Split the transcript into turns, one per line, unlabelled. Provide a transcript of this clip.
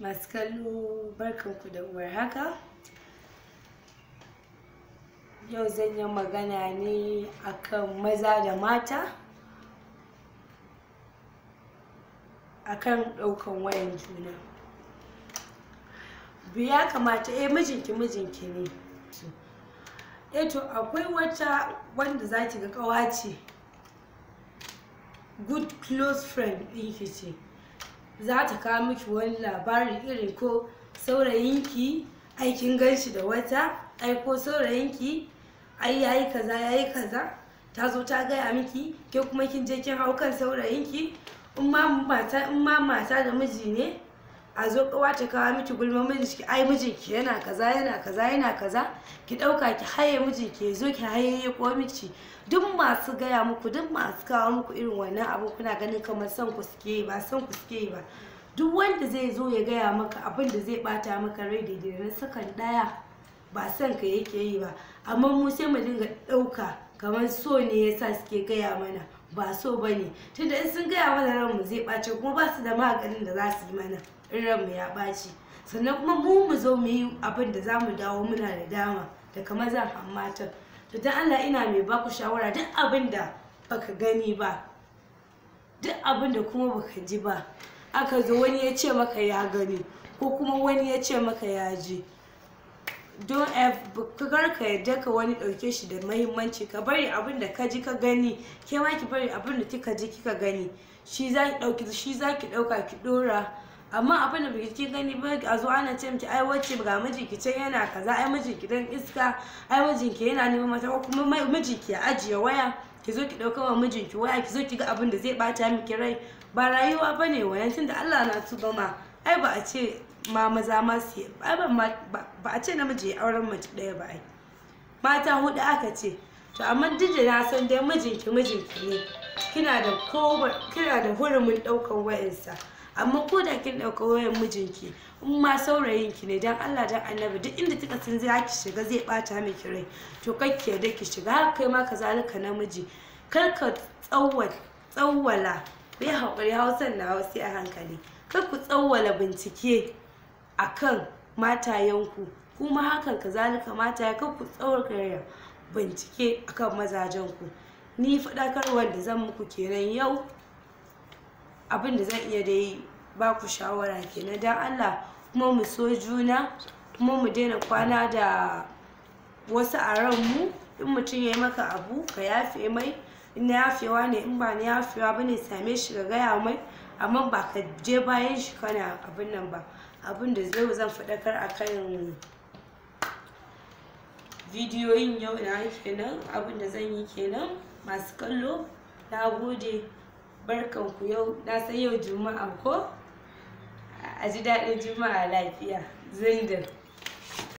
masu kallo barkanku da uwar haka yau zan yi magana ne akan maza da mata akan ɗaukan wayan juna biya kamata eh mijinki mijinki ne eh to akwai wata wanda zaki ga ƙawa good close friend ki ce za ta kawo miki wani labarin irin ko saurayinki aikin ganshi da wata ai ko saurayinki ai yayi kaza yayi kaza ta zo ta gaya miki ke kuma kin je kin hau kan saurayinki in ma mata da miji ne a zo kawa ta kawo miki gulma ki ai mijinki yana kaza yana kaza yana kaza ki dauka ki haye mijinki ya zo ki haye ko miki duk masu gaya muku duk masu kawo muku irin wannan abu kuna ganin kamar san ku suke ba son ku suke ba duk wanda zai zo ya gaya maka abin da zai bata maka rai da na sakan daya ba son ka yake yi ba amma mu sai mu dinga dauka kamar so ne ya sa suke gaya mana ba so ba ne tunda in sun gaya mana ranmu zai ɓace kuma ba su da maganin da za su yi mana in ranmu ya ɓace sannan kuma mu mu zo mu yi abin da za mu dawo muna da dama da kamar zan hammatar to dan Allah ina mai baku shawara duk abin da baka gani ba duk abin da kuma baka ji ba aka zo wani ya ce maka ya gani ko kuma wani ya ce maka ya ji don kar ka yarda ka wani ɗauke shi da mahimmanci ka bari abin da ka ji ka gani ke ma ki bari abin da kika ji kika gani shi za ki ɗauki shi za ki ɗauka ki ɗora amma abin da biki gani ba a zo ana ce miki ai wacce ga ki can yana kaza ai mijinki dan iska ai ki yana neman mata ko kuma mijinki ya ajiye waya ki zo ki ɗauka wa mijinki waya ki zo ki ga abin da zai bata miki rai ba rayuwa bane wannan tunda Allah na tuba ma ai ba a ce ma maza ma su ai ba a ce namiji ya auren mace daya ba ai mata hudu aka ce to amma duk da na san dai mijinki mijinki ne kina da ko kina da hurumin ɗaukan wayansa amma ko da kin ɗauka wayan mijinki in ma saurayin ki ne dan Allah dan Annabi duk inda kika san zai ki shiga zai bata miki rai to kakke da ki shiga har kai ma kazalika namiji kar ka tsawwala bai haƙuri hausan na wasi a hankali kar ku tsawwala bincike akan matayenku kuma hakan kazalika mataye kar ku tsawwala bincike akan mazajenku ni faɗakarwar da zan muku kenan yau abin da zan iya dai ba ku shawara kenan don allah kuma mu so juna kuma mu daina kwana da wasu a mu, in mutum ya yi maka abu ka yafe mai in na yafewa ne in ba na yafewa ba ne same shi ka gaya mai amma ba ka je bayan shi kana abin nan ba abin da zai zan faɗakar a kan bidiyoyin yau na kenan abin da zan yi kenan masu kallo na gode barkanku yau na san yau juma'a ko a ji daɗin juma'a lafiya zindin